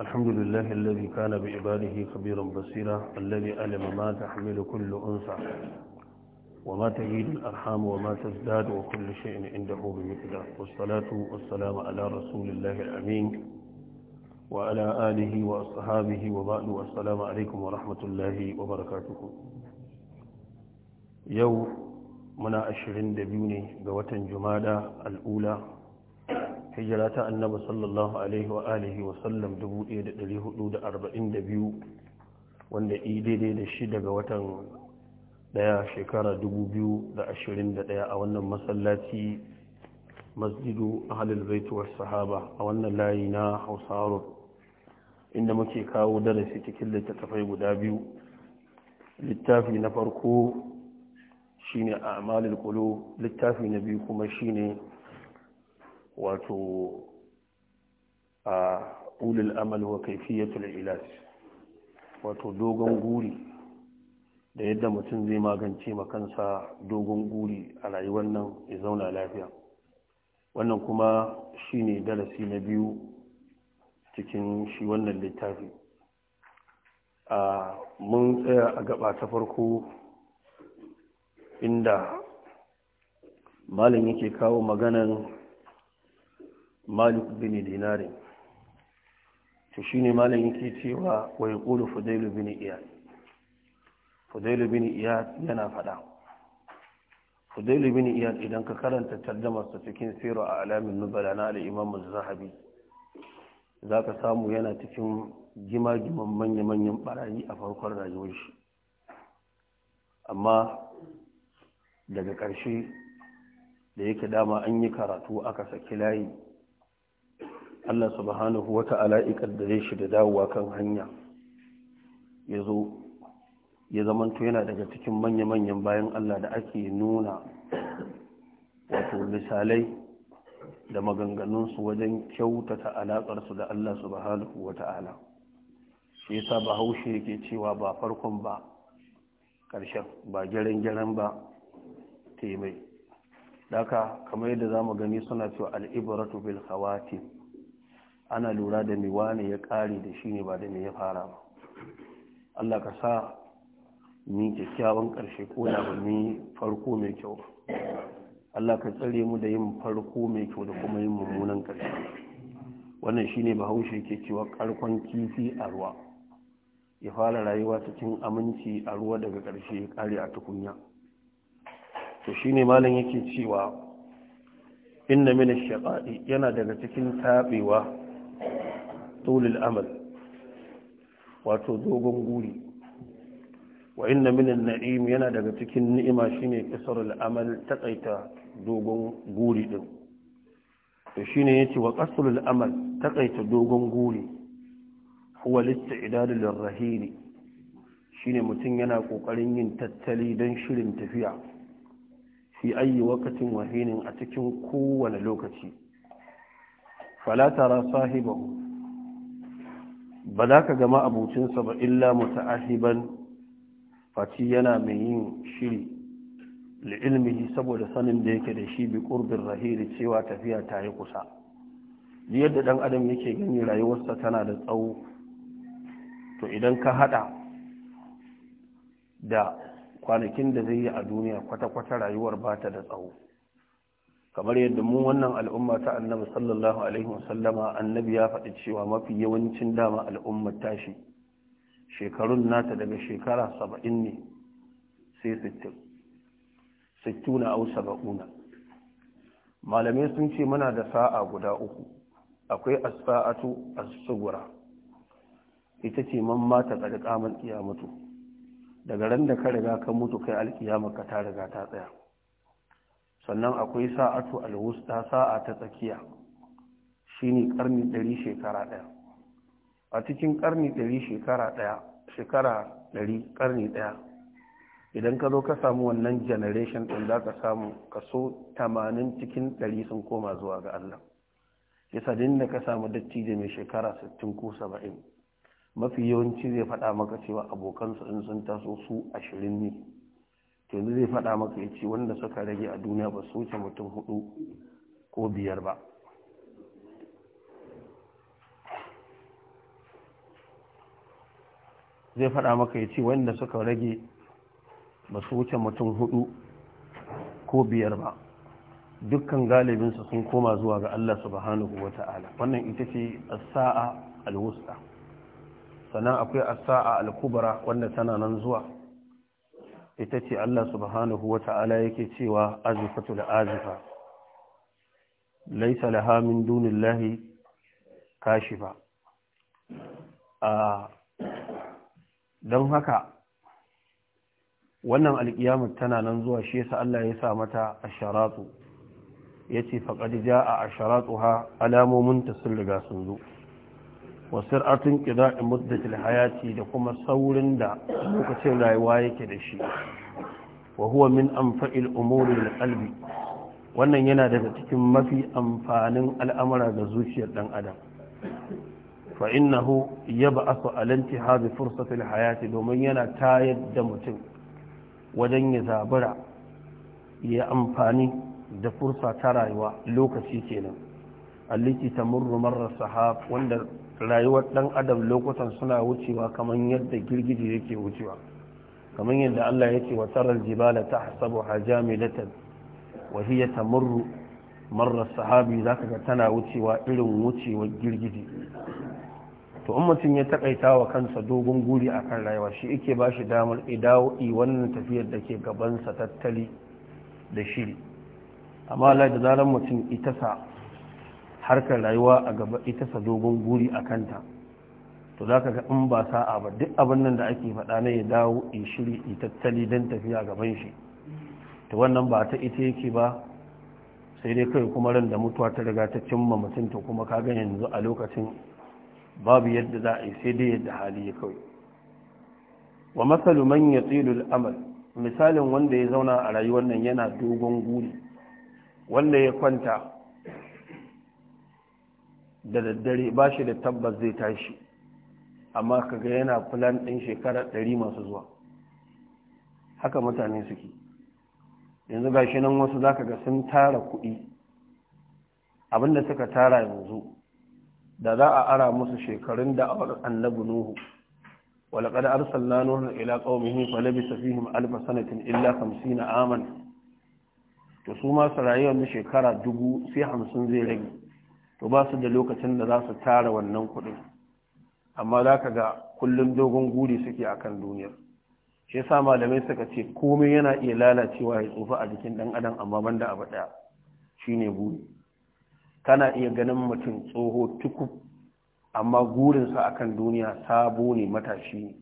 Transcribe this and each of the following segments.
الحمد لله الذي كان بعباده خبيرا بصيرا الذي علم ما تحمل كل أنثى وما تهيد الأرحام وما تزداد وكل شيء عنده بمقدار والصلاة والسلام على رسول الله الأمين وعلى آله وأصحابه وبعد والسلام عليكم ورحمة الله وبركاته يوم منا أشرين دبيوني قوة جمادة الأولى hijira ta annabi sallallahu alaihi wa alihi wa sallam 1442 wanda yi daidai da shi daga watan daya shekara 2021 a wannan masallaci masjidu ahlul baituwar sahaba a wannan layi na Hausaro inda muke kawo darasi cikin littattafai guda biyu littafi na farko shine a'malul qulub littafi na biyu kuma shine wato a ulil amal wa kaifiyatul ilaj wato dogon guri da yadda mutum zai magance ma kansa dogon guri a rayuwar nan ya zauna lafiya wannan kuma shine darasi na biyu cikin shi wannan littafi a mun tsaya a gaba ta farko inda malin yake kawo maganan malik bin dinarin to shi ne malam yake cewa wa ya ƙulu fudailu bin iyad fudailu bin iyad yana faɗa fudailu bin iyad idan ka karanta tarjamarsa cikin siro a alamin nubala na al'imam zahabi za ka samu yana cikin gima-giman manya-manyan barayi a farkon rayuwar shi amma daga ƙarshe da yake dama an yi karatu aka saki layi Allah subhanahu wa ta'ala ikaddare shi da dawowa kan hanya ya zo ya zamanto yana daga cikin manya-manyan bayan Allah da ake nuna wato misalai da maganganunsu wajen kyautata alaƙarsu da Allah subhanahu wa ta'ala shi yasa ba haushe yake cewa ba farkon ba ƙarshen ba gyaran-gyaran ba taimai daga kamar yadda za mu gani suna cewa al'ibaratu bil khawatim ana lura da mai wane ya ƙare da shi ne ba da mai ya fara ba Allah ka sa ni kyakkyawan ƙarshe ko na ba ni farko mai kyau Allah ka tsare mu da yin farko mai kyau da kuma yin mummunan ƙarshe wannan shi shine bahaushe ke cewa ƙarkon kifi a ruwa ya fara rayuwa cikin aminci a ruwa daga ƙarshe ya ƙare a tukunya to shi ne malam yake cewa inna min ash-shaqa'i yana daga cikin tabewa tulul amal wato dogon guri wa inna min na'im yana daga cikin ni'ima shine kasarul amal takaita dogon guri din to shine yace wa qasrul amal takaita dogon guri huwa listidad lirrahin shine mutum yana kokarin yin tattali don shirin tafiya fi ayi wakatin wahinin a cikin kowane lokaci falatara sahibahu ba za ka gama abucinsa ba illa muta'ahiban faci yana mai yin shiri ilmihi saboda sanin da yake da shi bi ƙurbin rahiri cewa tafiya ta yi kusa yadda ɗan adam yake gani rayuwarsa tana da tsawo to idan ka haɗa da kwanakin da zai yi a duniya kwata-kwata rayuwar ba ta da tsawo kamar yadda mu wannan al'umma ta annabi sallallahu alaihi wasallama annabi ya faɗi cewa mafi yawancin dama al'ummar tashi shekarun nata daga shekara saba'in ne sai sittin sittuna au saba'una malamai sun ce muna da sa'a guda uku akwai asfa'atu as ita ce man mata kada kamar kiyamatu daga ran da ka riga ka mutu kai alkiyama ka ta riga ta tsaya sannan akwai sa'atu alwusta sa'a ta tsakiya shine karni 100 shekara daya a cikin karni 100 shekara daya shekara 100 karni daya idan ka zo ka samu wannan generation din za ka samu kaso 80 cikin 100 sun koma zuwa ga Allah yasa din da ka samu dattijo mai shekara 60 ko 70 mafi yawanci zai faɗa maka cewa abokansa in sun taso su 20 ne to yanzu zai faɗa maka ya ce wanda suka rage a duniya ba su wuce mutum hudu ko biyar ba zai faɗa maka ya ce wanda suka rage ba su wuce mutum hudu ko biyar ba dukkan galibinsa sun koma zuwa ga Allah subhanahu wa ta'ala wannan ita ce saa al-wusta sannan akwai as-sa'a al wanda tana nan zuwa ita ce Allah subhanahu wa ta'ala yake cewa azifatu da azifa laisa laha min dunillahi kashifa a don haka wannan alƙiyamun tana nan zuwa shi yasa Allah ya sa mata fa yace faqad jaa asharatuha alamomin ta sun riga sun zo wasu ratun ƙida in muddatil hayati da kuma saurin da lokacin rayuwa yake da shi wa huwa min amfa'il umuri da ƙalbi, wannan yana daga cikin mafi amfanin al'amara ga zuciyar ɗan adam fa innahu yab'athu ala intihadi fursatil hayati domin yana tayar da mutum wajen ya zabura ya amfani da fursa ta rayuwa lokaci kenan alliti murrumar rasa sahab wanda rayuwar ɗan adam lokutan suna wucewa kamar yadda girgije yake wucewa kamar yadda Allah yake wa taral jibala tahsabuha jamilatan wa hiya tamurru marra sahabi zaka ga tana wucewa irin wucewar girgije to in mutum ya takaita wa kansa dogon guri akan rayuwa shi yake ba shi damar idawo i wannan tafiyar da ke gabansa tattali da shiri amma lai da zarar mutum ita sa harkar rayuwa a gaba ita sa dogon guri a kanta to za ka ga in ba sa'a ba duk abin nan da ake faɗa na ya dawo in shiri in tattali don tafiya gaban shi to wannan ba ta ita yake ba sai dai kai kuma ran da mutuwa ta riga ta cimma mutum to kuma ka ga yanzu a lokacin babu yadda za a yi sai dai yadda hali ya kawai wa masalu man ya tsilul amal misalin wanda ya zauna a rayuwar nan yana dogon guri wanda ya kwanta da daddare ba shi da tabbas zai tashi amma ka ga yana plan ɗin shekara ɗari masu zuwa haka mutane suke yanzu ga shi nan wasu za ka ga sun tara kuɗi abinda suka tara yanzu da za a ara musu shekarun da annabu nuhu ولقد أرسلنا نوحا ila قومه falabi فيهم albasanatin illa إلا na عاما to su ma su rayuwar shekara dubu sai hamsin zai rage to ba su da lokacin da za su tara wannan kuɗin amma za ka ga kullum dogon guri suke a akan duniyar shi yasa malamai suka ce komai yana iya lalacewa ya tsufa a jikin ɗan adam amma da abu ɗaya ne guri kana iya ganin mutum tsoho tuku amma gurinsa a kan duniya sabo ne matashi ne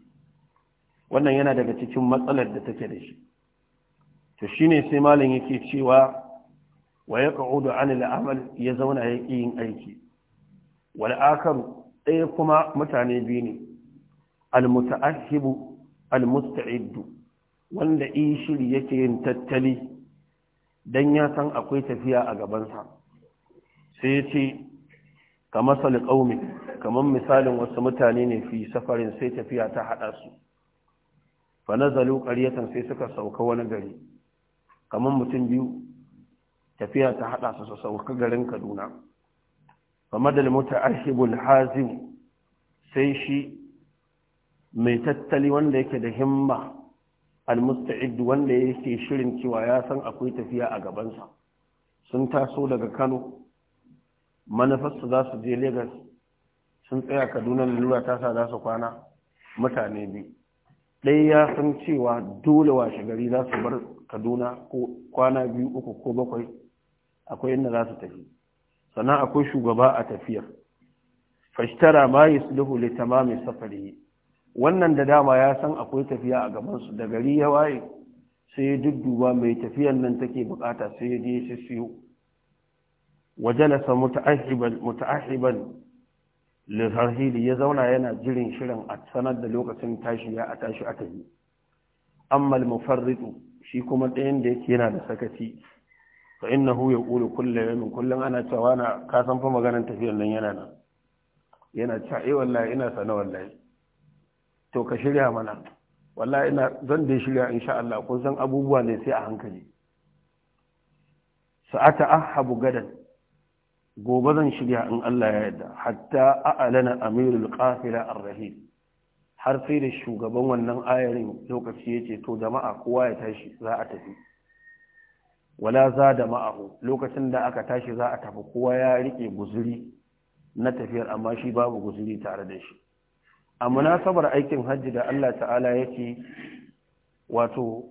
wannan yana daga cikin matsalar da take da shi to shine sai malam yake cewa wa ya ƙa'udu an amal ya zauna ya yin aiki wani ɗaya kuma mutane biyu ne almuta'ahibu mustaiddu wanda iya shiri yake yin tattali don ya san akwai tafiya a gabansa sai ya ce ka masal ƙaumi kamar misalin wasu mutane ne fi safarin sai tafiya ta haɗa su fa zalo ƙaryatan sai suka sauka wani gari kamar mutum biyu tafiya ta haɗa su su sauka garin kaduna game da limota hazim sai shi mai tattali wanda yake da himma almusta'id wanda yake shirin cewa ya san akwai tafiya a gabansa sun taso daga kano manufarsu za su je lagos sun tsaya kaduna lura ta sa za su kwana mutane biyu ɗaya ya san cewa dole washe gari za su bar kaduna ko kwana biyu uku ko bakwai akwai inda za su tafi sannan akwai shugaba a tafiyar fashtara ma yusluhu ma mai safari. wannan da dama ya san akwai tafiya a gabansu da gari ya waye sai ya dudduba mai tafiyan nan take bukata sai ya je shi siyo wajalasa muta'ahiban muta'ahiban ya zauna yana jirin shirin a sanar da lokacin tashi ya a tashi a tafi amma mufarritu shi kuma ɗayan da yake yana da sakaci fa innahu yaqulu kulle min kullun ana cewa na ka san fa maganar tafiyar nan yana nan yana cewa eh wallahi ina sana wallahi to ka shirya mana wallahi ina zan da shirya insha Allah kun san abubuwa ne sai a hankali sa'ata ahabu gadan gobe zan shirya in Allah ya yarda hatta a'lana amirul qafila ar-rahim har sai da shugaban wannan ayarin lokaci yace to jama'a kowa ya tashi za a tafi wala za da ma'ahu lokacin da aka tashi za a tafi kowa ya riƙe guzuri na tafiyar amma shi babu guzuri tare da shi a munasabar aikin hajji da Allah ta'ala ya ce wato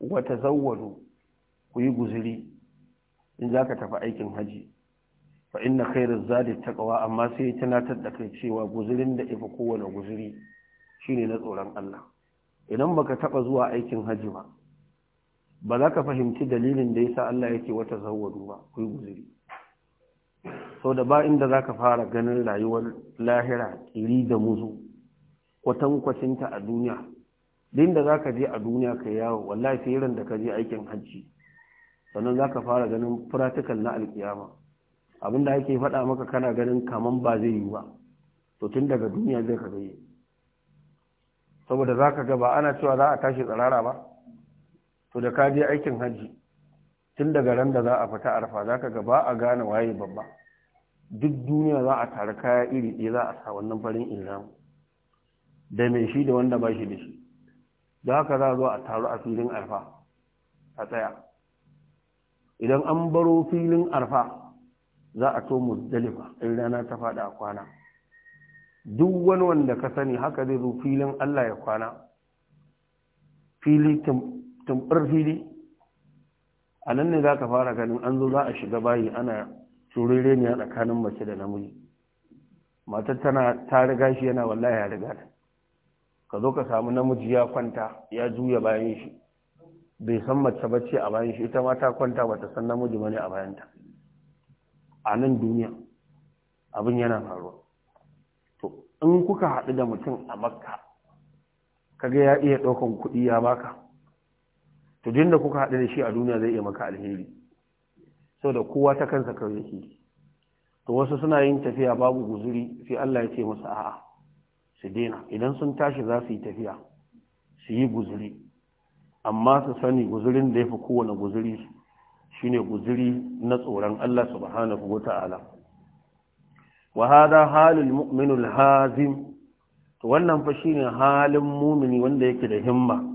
wata zawwalu ku yi guzuri in za ka tafi aikin hajji fa inna khairu zadi taqwa amma sai tunatar da cewa guzurin da ifa kowane guzuri shine na tsoron Allah idan baka taba zuwa aikin hajji ba ba za ka fahimci dalilin da yasa Allah yake wata zawwadu ba kai yi guzuri da ba inda zaka fara ganin rayuwar lahira iri da muzu kwatankwacinta a duniya din da za je a duniya ka yawo wallahi sai ran da ka je aikin hajji sannan zaka fara ganin firatikal na alkiyama abinda ake faɗa maka kana ganin kaman ba zai yi ba to tun daga duniya zai ka gaye saboda za ga ba ana cewa za a tashi tsirara ba to da ka je aikin hajji tun daga ran da za a fita arfa za ka gaba a gane waye babba duk duniya za a tare kaya iri ɗaya za a sa wannan farin ilham da mai shi da wanda ba shi da shi Za haka za a zo a taru a filin arfa a tsaya idan an baro filin arfa za a to muzdalifa in rana ta faɗa a kwana duk wani wanda ka sani haka zai zo filin allah ya kwana fili tumbar fili a nan ne za ka fara ganin an zo za a shiga bayi ana turere ne a tsakanin mace da namiji matar tana ta riga shi yana wallahi ya riga ta ka zo ka samu namiji ya kwanta ya juya bayan shi bai san mace ce a bayan shi ita ma ta kwanta ba ta san namiji bane a bayanta a nan duniya abin yana faruwa to in kuka haɗu da mutum a makka kaga ya iya ɗaukan kuɗi ya baka to duk da kuka haɗu da shi a duniya zai iya maka alheri da kowa ta kansa kawai yake to wasu suna yin tafiya babu guzuri sai Allah ya ce musu a'a su daina idan sun tashi za su yi tafiya su yi guzuri amma su sani guzurin da ya fi kowane guzuri shine guzuri na tsoron Allah subhanahu wa ta'ala wa hada halul mu'minul hazim to wannan fa shine halin mumini wanda yake da himma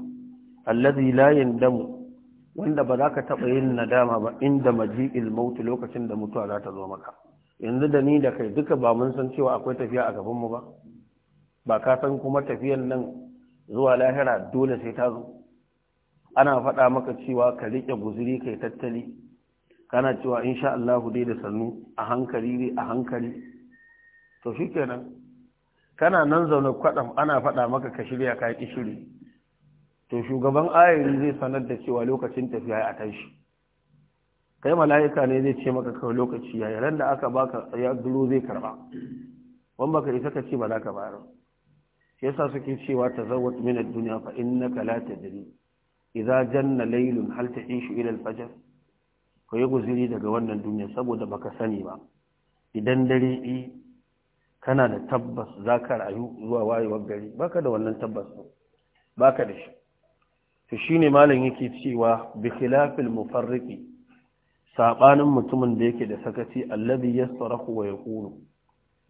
allazi la yandamu wanda ba za ka taɓa yin nadama ba inda maji'il mautu lokacin da mutuwa za ta zo maka yanzu da ni da kai duka ba mun san cewa akwai tafiya a gabanmu ba ba ka san kuma tafiyan nan zuwa lahira dole sai ta zo ana faɗa maka cewa ka riƙe guziri kai tattali kana cewa insha Allah dai da sannu a hankali ne a hankali to shikenan kana nan zaune kwaɗam ana faɗa maka ka shirya ka ki shiri to shugaban ayari zai sanar da cewa lokacin tafiya ya tashi kai mala'ika ne zai ce maka kawai lokaci ya yaran da aka baka ya duro zai karba wan baka isa ka ce ba za ka bayar shi yasa suke cewa tazawwat min ad-dunya fa innaka la tadri idza janna laylun hal ta'ishu ila al-fajr ko yi guziri daga wannan duniya saboda baka sani ba idan dare yi kana da tabbas za ka rayu zuwa wayewar gari baka da wannan tabbas baka da shi to shine malam yake cewa bi khilafil mufarriqi sabanin mutumin da yake da sakaci ya yasrahu wa yaqulu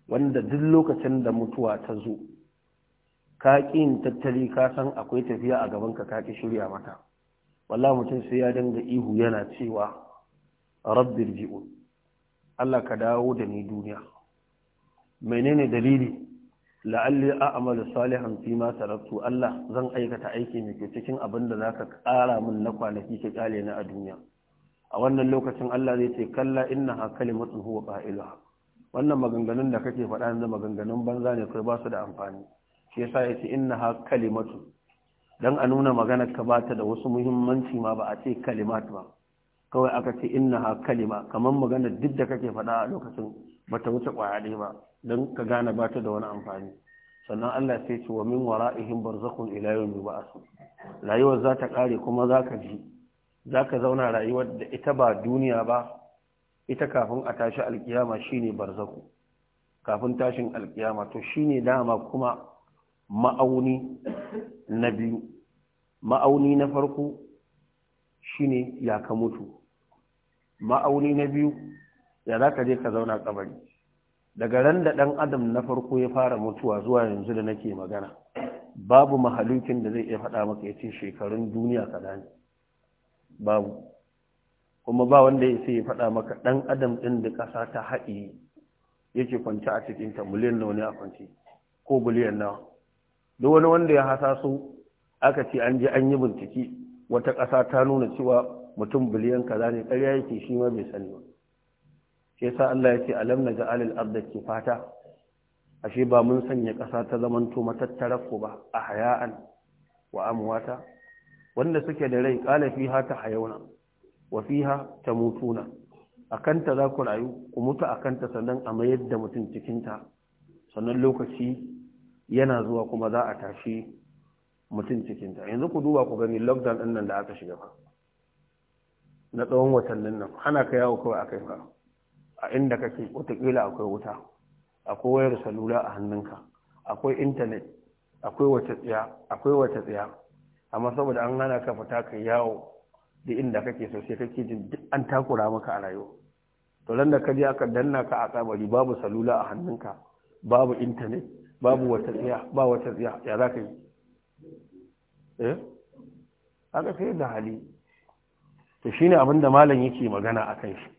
wanda duk lokacin da mutuwa ta zo ka kin tattali ka san akwai tafiya a gaban ka ka shirya mata wallahi mutum sai ya danga ihu yana cewa rabbirji'un Allah ka dawo da ni duniya menene dalili la'alli a'malu salihan fi ma tarattu Allah zan aikata aiki mai ke cikin abin da zaka ƙara min na kwanaki ka kyale na a duniya a wannan lokacin Allah zai ce kalla inna ha kalimatun huwa qailuha wannan maganganun da kake faɗa yanzu maganganun banza ne kai ba su da amfani shi yasa yace ha kalimatun dan a nuna magana ka bata da wasu muhimmanci ma ba a ce kalimat ba kawai aka ce ha kalima kamar magana duk da kake faɗa a lokacin bata wuce kwaya ɗaya ba don ka gane ba ta da wani amfani sannan Allah sai ce wa min wara'ihim barzakhun ila yawmi ba'asu rayuwar za ta kare kuma za ka ji za ka zauna rayuwar da ita ba duniya ba ita kafin a tashi alkiyama shine barzaku kafin tashin alkiyama to shine dama kuma ma'auni na biyu ma'auni na farko shine ya ka mutu ma'auni na biyu ya za ka je ka zauna kabari daga ran da ɗan adam na farko ya fara mutuwa zuwa yanzu da nake magana babu mahalukin da zai iya faɗa maka ya ce shekarun duniya ka babu kuma ba wanda ya sai ya faɗa maka ɗan adam ɗin da ƙasa ta haɗi yake kwanci a cikinta miliyan nawa ne a kwanci ko biliyan nawa duk wani wanda ya hasaso aka ce an je an yi bincike wata ƙasa ta nuna cewa mutum biliyan kaza ne ƙarya yake shi ma bai sani ba shi yasa Allah ya ce alam naj'al al ke kifata ashe ba mun sanya ƙasa ta zamanto matattarar ku ba a haya'an wa amwata wanda suke da rai ƙala fiha ta hayauna wa fiha ta mutuna akanta za ku rayu ku mutu a kanta sannan a mayar da mutum cikinta sannan lokaci yana zuwa kuma za a tashi mutum cikinta yanzu ku duba ku gani lockdown ɗin nan da aka shiga fa na tsawon watannin nan ana ka yawo kawai aka yi fa a inda kake wataƙila akwai wuta akwai wayar salula a hannunka akwai intanet akwai wata tsaya akwai wata tsaya amma saboda an hana ka fita ka yawo da inda kake so sai kake jin duk an takura maka a rayuwa to landa ka je aka danna ka a kabari babu salula a hannunka babu intanet babu wata tsaya ba wata tsaya ya za ka yi eh aka sai da hali to shine abin da malam yake magana akan shi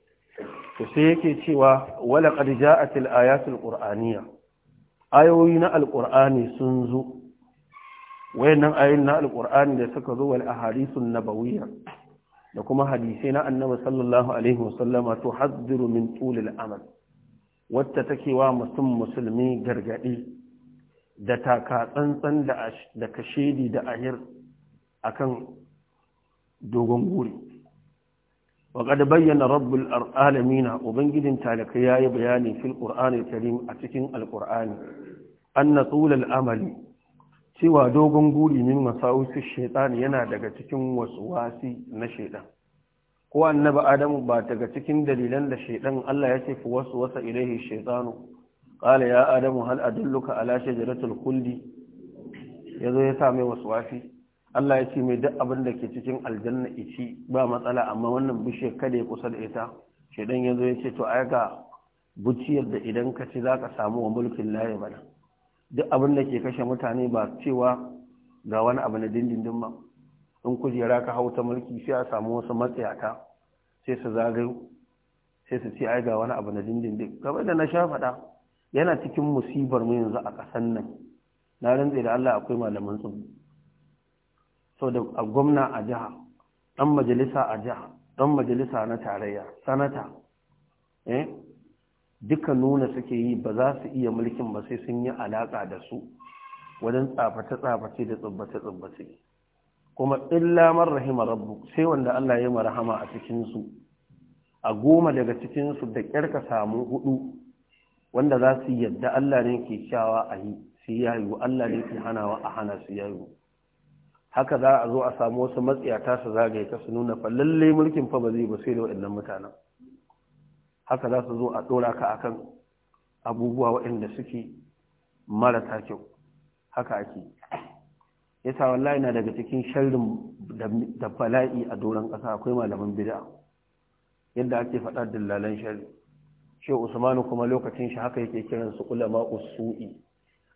to sai yake cewa wala qad ja'at al ayatul qur'aniyya ayoyi na alqur'ani sun zo wayannan ayoyin na alqur'ani da suka zo wal ahadithun nabawiyya da kuma hadisai na annabi sallallahu alaihi wasallama to hazziru min tulil amal wacce take wa mutum musulmi gargadi da taka tsantsan da kashedi da ahir akan dogon guri وقد بين رب العالمين وبنجد تالك ياي بياني في القرآن الكريم أتكين القرآن أن طول الأمل سوى دوغن قولي من مساوس الشيطان ينادك تكين وسواسي نشيطان ko annabi adamu ba daga cikin dalilan da shaidan Allah ya ce wasu wasa ilaihi shaitanu qala ya adamu a adulluka ala shajaratil khuldi yazo ya sa mai Allah ya ce mai duk abin da ke cikin aljanna ici ba matsala amma wannan bishiyar kada ya kusa da ita shaidan ya zo ya ce to ai ga buciyar da idan ka ci za ka samu wa mulkin laye bana duk abin da ke kashe mutane ba cewa ga wani abu na dindindin ba in kujera ka hau ta mulki sai a samu wasu matsayata sai su zagayo sai su ce ai ga wani abu na dindindin kamar da na sha faɗa yana cikin musibar mu yanzu a ƙasan nan na rantse da Allah akwai malaman tsibbu so da gwamna a jiha ɗan majalisa a jiha ɗan majalisa na tarayya sanata eh duka nuna suke yi ba za su iya mulkin ba sai sun yi alaƙa da su wajen tsaface-tsaface da tsubbace-tsubbace kuma illa man rahima rabbu sai wanda Allah ya marhama a cikinsu a goma daga cikinsu da ƙyarka samu hudu wanda za su yadda Allah ne ke kyawa a yi su Allah ne ke hanawa a hana su yayu haka za a zo a samu wasu matsiyata su zagaye ta su nuna fallalle mulkin fa ba zai ba sai da waɗannan mutanen haka za su zo a ɗora ka akan abubuwa waɗanda suke marasa kyau haka ake yasa wallahi na daga cikin sharrin da bala'i a doron ƙasa akwai malaman bid'a yadda ake faɗa dillalan sharri shi usmanu kuma lokacin shi haka yake kiransu ulama usu'i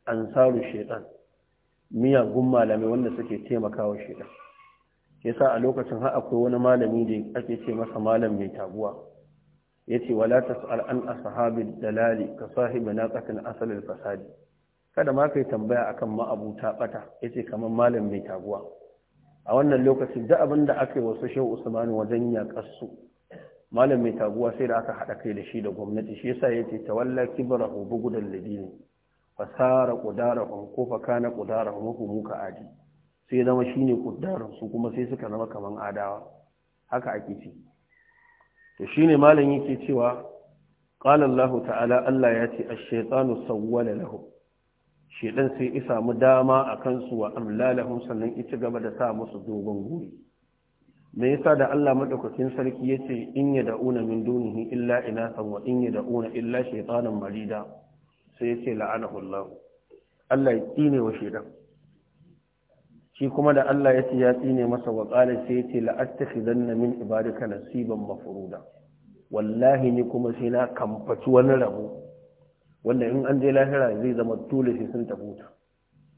ansaru shaitan miyagun malamai wanda suke taimakawa shida. Ya yasa a lokacin har akwai wani malami da ake ce masa malam mai taguwa yace wala tas'al an ashabi dalali ka sahibi naqatin asal asalin fasadi kada ma yi tambaya akan ma'abuta bata yace kamar malam mai taguwa a wannan lokaci da abin da aka yi wasu shehu usman wajen ya kasu. malam mai taguwa sai da aka hada kai da shi da gwamnati shi yasa yace tawalla kibrahu da ladini fasara kudarahum ko fa kana kudarahum humu ka adi sai zama shine kudaran su kuma sai suka zama kaman adawa haka ake ci to shine malam yake cewa qala Allah ta'ala Allah ya ce ash-shaytanu sawwala lahu shedan sai ya samu dama akan su wa amlalahum sannan ita gaba da sa musu dogon guri me yasa da Allah madaukakin sarki yace in yad'una min dunihi illa inathan wa in yad'una illa shaytanan marida sai ya ce la'anahu Allah Allah ya tsine wa shedan shi kuma da Allah ya ce ya tsine masa wa qala sai ya ce la'attakhidanna min ibadika nasiban mafruda wallahi ni kuma sai na kamfaci wani rabo wanda in an je lahira zai zama dole sai sun tafuta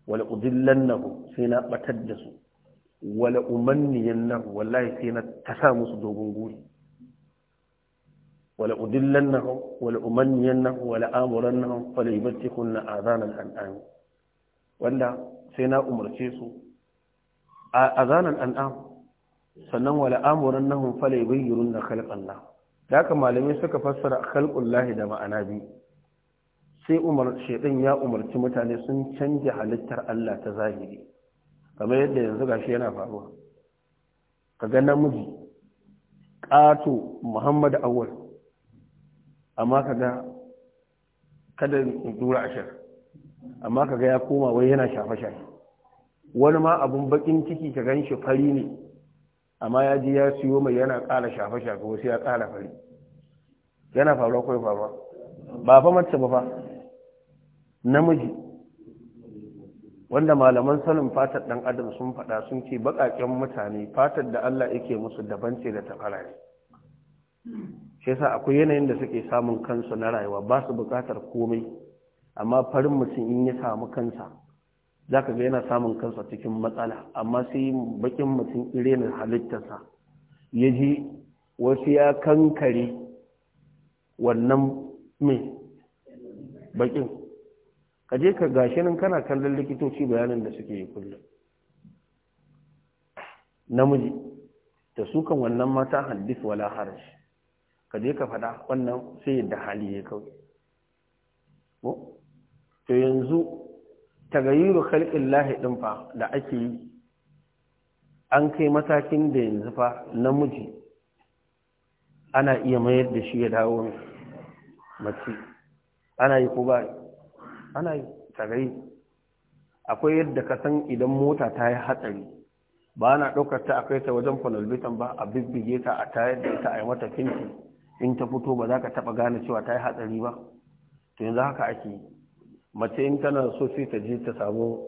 wala udillannahu sai na batar da su wala umanniyannahu wallahi sai na tasa musu dogon guri wala udillannahum wala umanniyannahum wala amurannahum fala yubtikunna azanan an'am wanda sai na umarce su a azanan an'am sannan wala amurannahum fala yubayyirunna khalqallah da haka malamai suka fassara lahi da ma'ana bi sai umar shedan ya umarci mutane sun canja halittar Allah ta zahiri kamar yadda yanzu gashi yana faruwa Ka ga namiji ƙato Muhammad awwal amma kaga kada in dura ashir amma kaga ya koma wai yana shafa shafi wani ma abun bakin ciki ka gan shi fari ne amma ya ji ya siyo mai yana ƙara shafa shafi wasu ya ƙara fari yana faruwa kawai faruwa ba fa mace ba fa namiji wanda malaman sanin fatar ɗan adam sun faɗa sun ce baƙaƙen mutane fatar da Allah yake musu daban ce da ta farare shi yasa akwai yanayin da suke samun kansu na rayuwa ba su bukatar komai amma farin mutum in ya samu kansa za ka ga yana samun kansa cikin matsala amma sai bakin mutum irenin halittarsa ya ji wasu ya kankare wannan mai bakin ka je ka gashi nan kana kallon likitoci bayanin da suke yi kullum namiji da sukan wannan mata haddis wala harshe ka je ka faɗa wannan sai yadda hali ya kawai ko to yanzu tagayyuru khalqin lahi din fa da ake yi an kai matakin da yanzu fa namiji ana iya mayar da shi ya dawo mace ana yi ko ba ana yi tagayi akwai yadda ka san idan mota ta yi hatsari ba na ɗaukar ta a kai ta wajen fanalbitan ba a bibbige ta a tayar da ita a yi mata finti in ta fito ba za ka taɓa gane cewa ta yi hatsari ba to yanzu haka ake mace in tana so sai ta je ta samu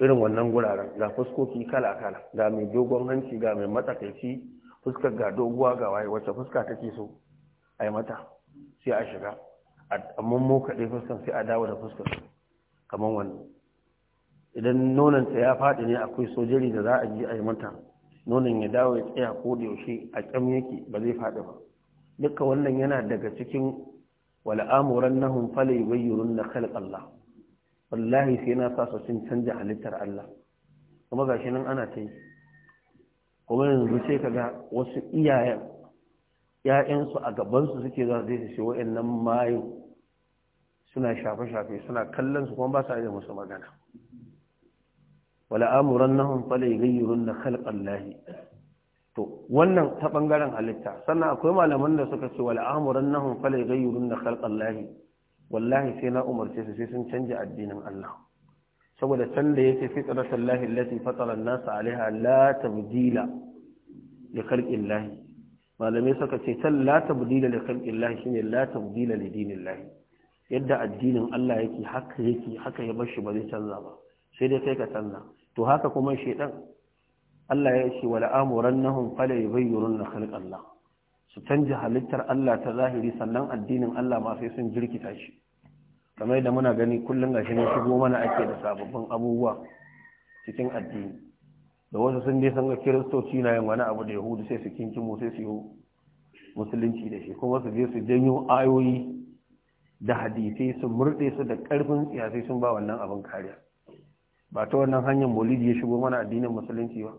irin wannan guraren ga fuskoki kala kala ga mai dogon hanci ga mai matsakaici fuskar ga doguwa ga waye wacce fuska take so a yi mata sai a shiga a mu kaɗai fuskan sai a dawo da fuskar kamar wannan idan ta ya faɗi ne akwai sojari da za a je a yi mata nonon ya dawo ya tsaya ko da yaushe a kyam yake ba zai faɗi ba duka wannan yana daga cikin wal'amuran nahun falai bayyurun na Allah wallahi sai na sa cin canja halittar Allah kuma shi nan ana ta yi kuma yanzu sai kaga wasu iyayen ‘ya'yansu a gabansu suke za su zai su wa'yannan mayu suna shafe-shafe suna kallon su kuma ba sa yi musu magana wala amuran nahun falai gayyurun na khalqallahi to wannan ta bangaren halitta sannan akwai malaman da suka ce wal amuran nahum fala yughayyirun khalqallahi wallahi sai na umarce su sai sun canza addinin Allah saboda can da yake fitratan lahi allati fatara an-nas 'alaiha la tabdila li khalqillahi suka ce can la tabdila li khalqillahi shine la tabdila li dinillahi yadda addinin Allah yake haka yake haka ya bar shi ba zai canza ba sai dai kai ka canza to haka kuma shedan Allah ya ce ya amurannahum fala na khalqa Allah su canja halittar Allah ta zahiri sannan addinin Allah ma sai sun jirkita shi kamar da muna gani kullum shi ne shigo mana ake da sababbin abubuwa cikin addini da wasu sun dai san ga kiristoci na yin wani abu da yahudu sai su kinki mu sai su yi musulunci da shi kuma su je su janyo ayoyi da hadisai su murɗe su da ƙarfin sai sun ba wannan abin kariya ba ta wannan hanyar bolivia ya shigo mana addinin musulunci ba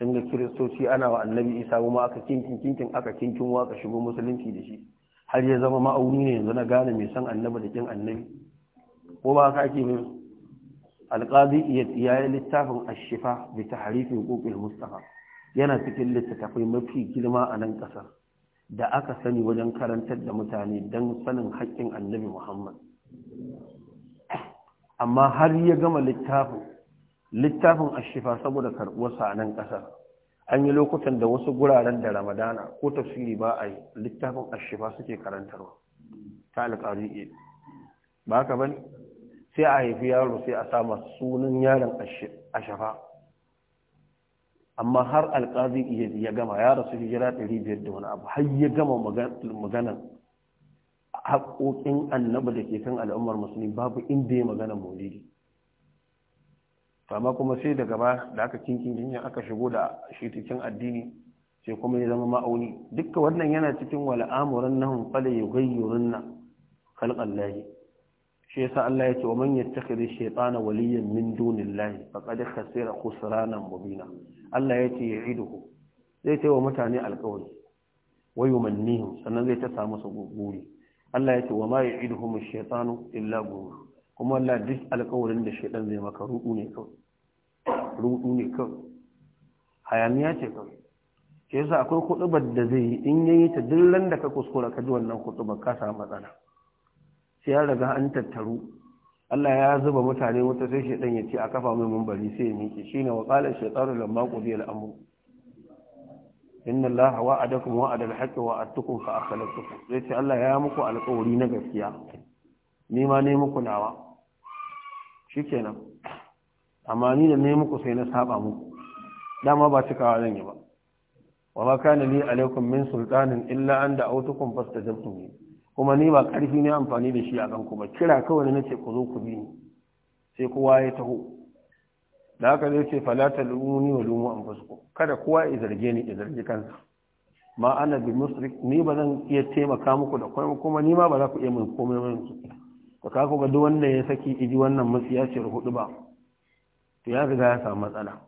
sun ga kiristoci ana wa annabi isa kuma aka kinkin kinkin aka kinkin waka shigo musulunci da shi har ya zama ma'auni ne yanzu na gane mai san annabi da kin annabi ko ba haka ake mai alqadi ya yi littafin ashifa bi tahrifi huquqil mustafa yana cikin littattafai mafi girma a nan kasar da aka sani wajen karantar da mutane dan sanin haƙƙin annabi muhammad amma har ya gama littafin littafin ashifa saboda karɓuwarsa a nan ƙasa an yi lokutan da wasu guraren da ramadana ko tafsiri ba a yi littafin ashifa suke karantarwa ta alƙari ba haka ba sai a haifi yaro sai a sama sunan yaron ashafa amma har alƙazi ya gama ya rasu hijira ɗari biyar da wani abu har ya gama maganan haƙoƙin annabi da ke kan al'ummar musulmi babu inda ya magana maulidi to amma kuma sai da gaba da aka kinkin jinya aka shigo da shi cikin addini sai kuma ya zama ma'auni dukkan wannan yana cikin wal amuran ya fala na. khalqan layi. shi yasa Allah ya ce wa manya yattakhidhi shaytana waliyan min dunillahi faqad khasira khusranan mubina Allah ya ce ya'iduhu zai ce wa mutane alƙawari wa yumannihim sannan zai ta samu su guri Allah ya ce wa ma duhu ash-shaytanu illa ghurur kuma Allah duk alƙawarin da shaytan zai maka ruɗu ne kawai rudu ne kawai hayaniya ce kawai ke yasa akwai kuɗubar da zai yi in yayi ta dillan da ka kuskura ka ji wannan kuɗubar ka samu matsala sai ya riga an tattaru Allah ya zuba mutane wata sai shaidan ya ce a kafa mai mumbari sai ya miƙe shine wa qala shaytanu lamma qudiya al-amr inna Allah wa'adakum wa'ada al haqq wa atukum fa akhlaftukum sai ce Allah ya muku alƙawari na gaskiya ni ne muku nawa shikenan amma ni da ne muku sai na saba muku dama ba wa zan yi ba wa ma kana li alaikum min sultanin illa an da'awtukum fastajabtum kuma ni ba karfi ne amfani da shi a kan ku ba kira kawai nace ku zo ku bi ni sai kowa ya taho da haka zai ce fala talumuni wa lumu anfusukum kada kowa ya zarge ni ya zargi kansa ma ana bi musrik ni ba zan iya taimaka muku da kuma kuma ni ma ba za ku iya mun komai ba yanzu ka ku ga duk wanda ya saki iji wannan matsiyaciyar hudu ba to ya riga ya samu matsala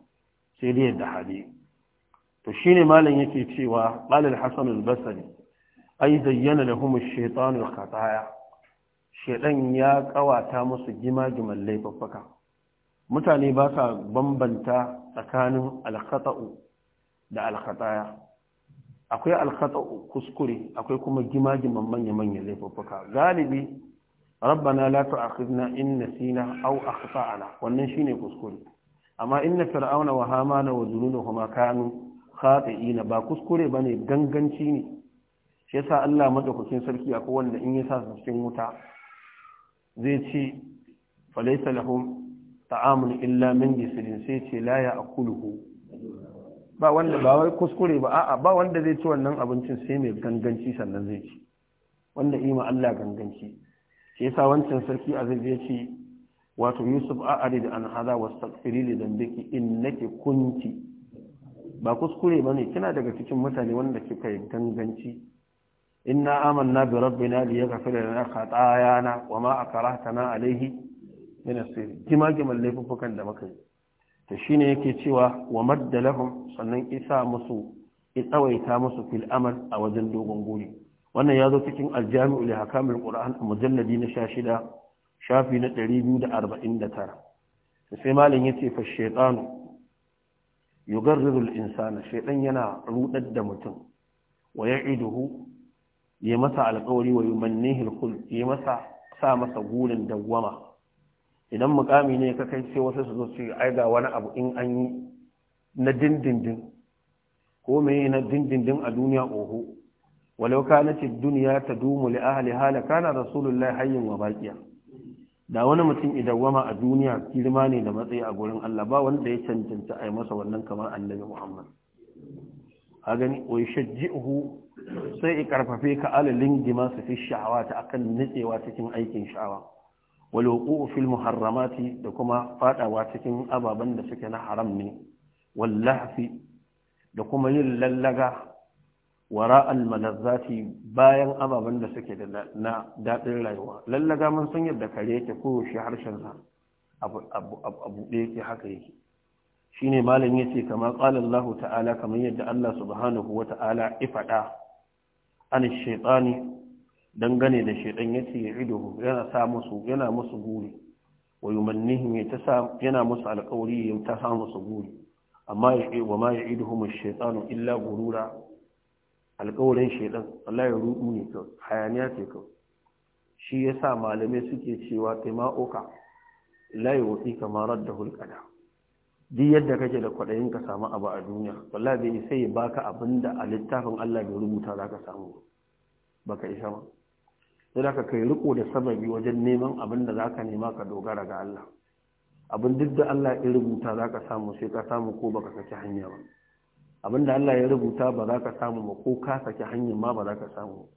sai dai yadda hali to shine malam yake cewa malal hasan al-basri ai zayyana da ash-shaytan al-khataya shedan ya kawata musu gimagiman laifafaka mutane ba sa bambanta tsakanin al da al akwai al kuskure akwai kuma gimagiman manya-manyan laifafaka galibi rabbana la tu'akhidna in nasina aw akhta'na wannan shine kuskure amma inna fir'auna wa hamana wa junuduhuma kanu khati'ina ba kuskure bane ganganci ne shi yasa Allah madaukakin sarki Ko wanda in yasa sa su cikin wuta zai ce falaysa lahum ta'amun illa min jisrin sai ce la ya'kuluhu ba wanda ba wai kuskure ba a'a ba wanda zai ci wannan abincin sai mai ganganci sannan zai ci wanda ima Allah ganganci shi yasa wancan sarki aziz ya ce wato yusuf a arid an hada wastaghfiri li dhanbiki innaki kunti ba kuskure ba ne, kina daga cikin mutane wanda kika yi ganganci inna amanna bi rabbina li yaghfira lana khatayana wa ma akrahtana alayhi min asir kima kiman da muka yi to shine yake cewa wa madda lahum sannan isa musu ya tsawaita musu fil amal a wajen dogon guri wannan ya zo cikin aljami'u li hakamil qur'an mujalladi na shida, shafi na 249 sai malam yace fa shaytanu yugar al-insana shaytan yana rudar da mutum wa ya'iduhu ya masa alƙawari wa yumannihi al-khul ya masa sa masa gurin dawwama idan mukami ne ka kai sai wasu su zo su ai ga wani abu in an yi na dindindin ko me na dindindin a duniya oho walau kanat ad-dunya tadumu li ahliha la kana rasulullahi hayyan wa da wani mutum idawama a duniya girma ne da matsayi a gurin Allah ba wanda ya cancanta a yi masa wannan kamar annabi Muhammad a gani wai shajji'uhu sai i karfafe ka alalin dima su fi sha'awa ta akan nitsewa cikin aikin sha'awa wal wuqu'u fil muharramati da kuma fadawa cikin ababen da suke na haram ne wal lahfi da kuma yin lallaga wara almalazzati bayan ababen da suke da na daɗin rayuwa lallaga mun san yadda kare yake ko shi harshen sa abu ɗaya yake haka yake shine malam yace kama qala Allah ta'ala kamar yadda Allah subhanahu wa ta'ala ifada an shaytani dangane da shaytan yace ya'iduhu yana sa musu yana musu guri wa yumannihim yana musu alƙawari ya ta sa musu guri amma ya wa ma ya'iduhum ash-shaytanu illa gurura alƙawarin shaidan Allah ya rudu ne kawai hayaniya ce kawai shi ya sa malamai suke cewa taima'uka oka layi wafi kamar da hulƙada duk yadda kake da kwaɗayin ka samu abu a duniya wallahi bai sai ya baka abin da a littafin Allah bai rubuta za ka samu baka isa ba sai ka kai riko da sababi wajen neman abin da za ka nema ka dogara ga Allah abin duk da Allah ya rubuta za ka samu sai ka samu ko baka saki hanya ba abinda Allah ya rubuta ba za ka samu ba ko ka saki hanyar ma ba za ka samu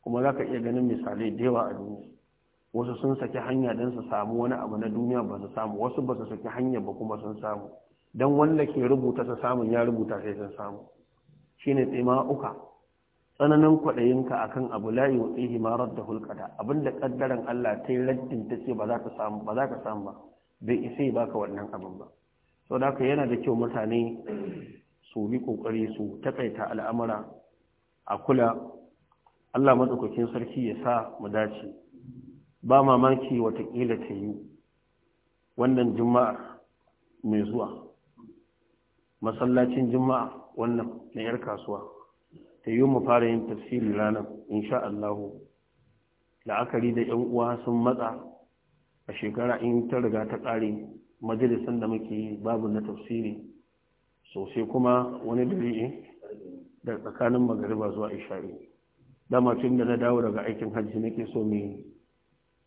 kuma za ka iya ganin misalai da yawa a duniya wasu sun saki hanya don su samu wani abu na duniya ba su samu wasu ba su saki hanya ba kuma sun samu don wanda ke rubuta su samun ya rubuta sai sun samu shine tsima uka tsananin kwaɗayinka a kan abu layi wa tsihi marar da hulƙada abinda ƙaddaren Allah ta yi raddin ta ce ba za ka samu ba bai isai baka wannan abin ba sau da haka yana da kyau mutane su yi kokari su taƙaita al'amura a kula Allah matsaukakin sarki ya sa mu dace ba mamaki watakila ta yi wannan juma'a mai zuwa masallacin juma'a wannan na 'yar kasuwa ta yi mu fara yin tafsiri ranar insha Allahu la'akari da 'yan uwa sun matsa a shekara in ta riga ta ƙare majalisan da muke yi babu na tafsiri sosai kuma wani dare eh, da tsakanin magariba zuwa isha'i dama tun da na dawo daga aikin hajji nake so mai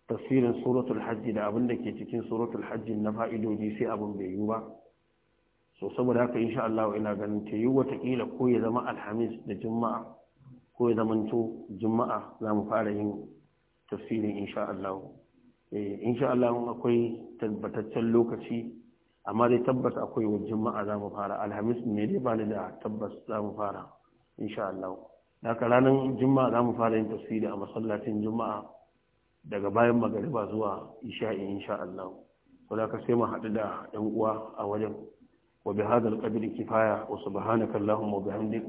tafsirin suratul hajji da abin da ke cikin suratul hajji na fa'idodi sai abin bai yi ba so saboda haka insha Allah ina ganin ta yi watakila ko ya zama alhamis da juma'a ko ya to juma'a za mu fara yin tafsirin insha Allah eh, insha Allah akwai tabbataccen lokaci amma dai tabbas akwai wa juma'a za mu fara alhamis ne dai ba ni da tabbas za mu fara insha Allah haka ranar juma'a za mu fara yin tafsiri a masallacin juma'a daga bayan magariba zuwa isha'i insha Allah saboda ka sai mu haɗu da ɗan uwa a wajen wa bi hadal qadri kifaya wa subhanaka allahumma wa bihamdik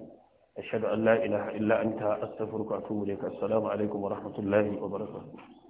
ashhadu an la ilaha illa anta astaghfiruka wa atubu ilaik assalamu alaikum wa rahmatullahi wa barakatuh